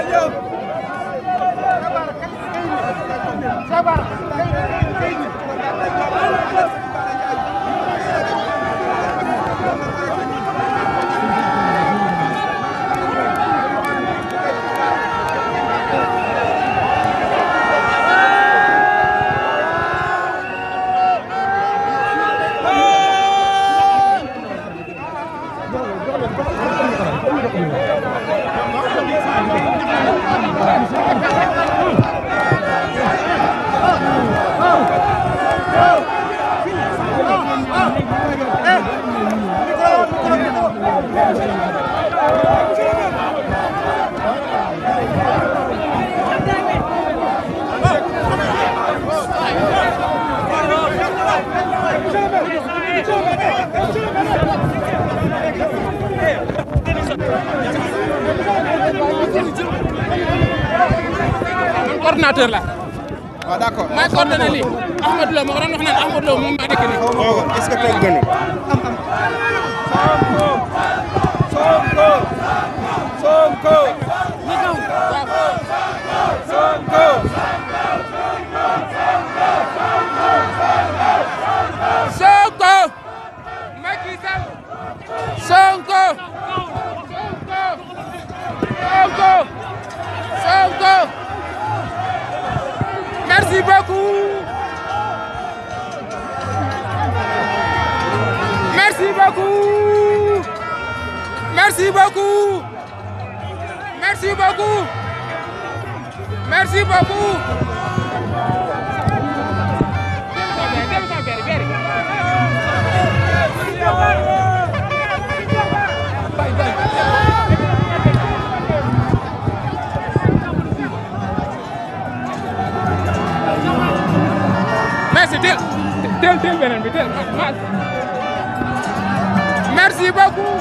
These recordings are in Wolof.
اليوم coordinateur la waaw d'accord may coordonné Ahmad Lo ma ko wax Ahmad Lo moom maa dëkk nii. est-ce que toog nga ne. Sonko Sonko Sonko Sonko Sonko Merci beaucoup.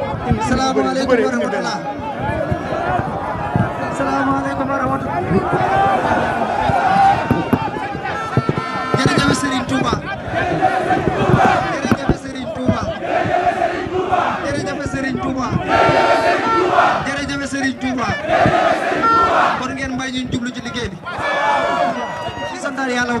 Assalamualaikum warahmatullah. Assalamualaikum warahmatullah. Di santal Yàlla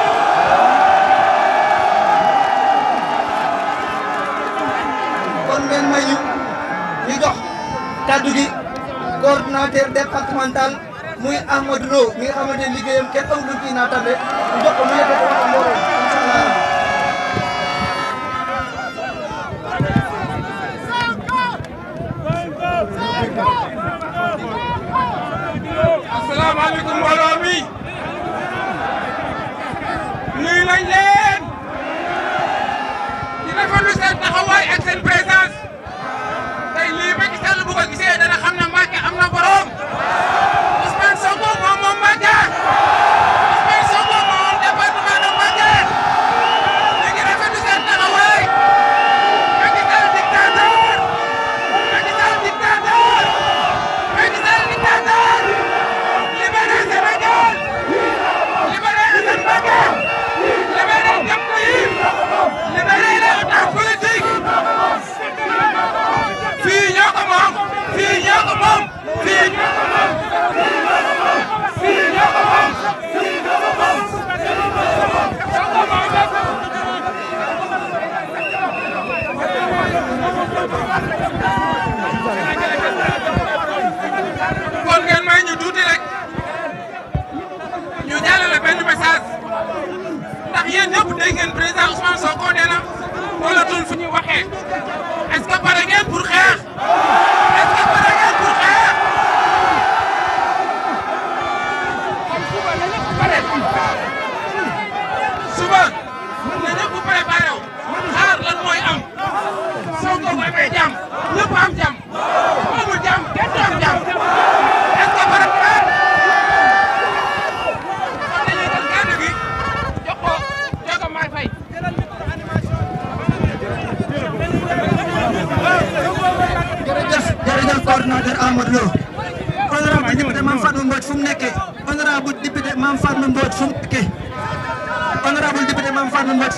ngeen may ñu ñu jox de gi coordonnateur départemental muy Amadou Lo mi nga xamante ne liggéeyam kenn amul lu ñu ciy naatale ñu jox ko may ko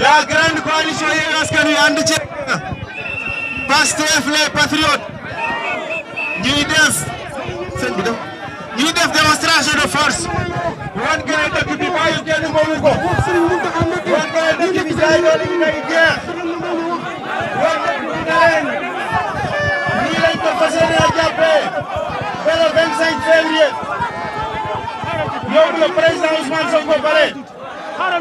la grande coalition yi askan wi ànd ci Pastef les patriotes ñuy def sëñ bi def ñuy def démonstration de force wan gën a dëkk bi bàyyi kenn moomu ko wan gën a dëkk bi jaay doole ñu nekk geex wan dëkk bi na leen nii lañ ko fas yéene jàppee ba le 25 février loolu la président Ousmane Sonko pare. ah.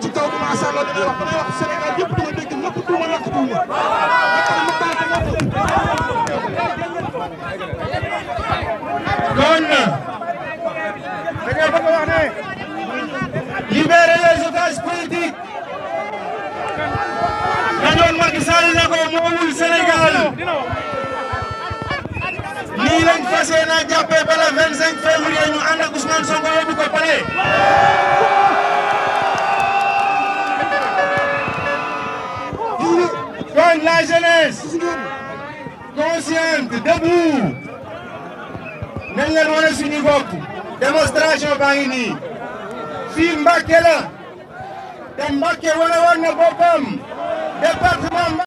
ci kaw bi macha allah dina wax dina wax Sénégal yëpp dina dégg ñëpp tuuma lakk tuuma. fas yéenaa jàppee bala 25 février ñu and ak Ousmane Sonko yóbbu ko pale kon la jeunesse consciente debout nañ leen wane suñu bopp démonstration ba ngi ni fii Mbàkke la te Mbàkke wala woon na boppam département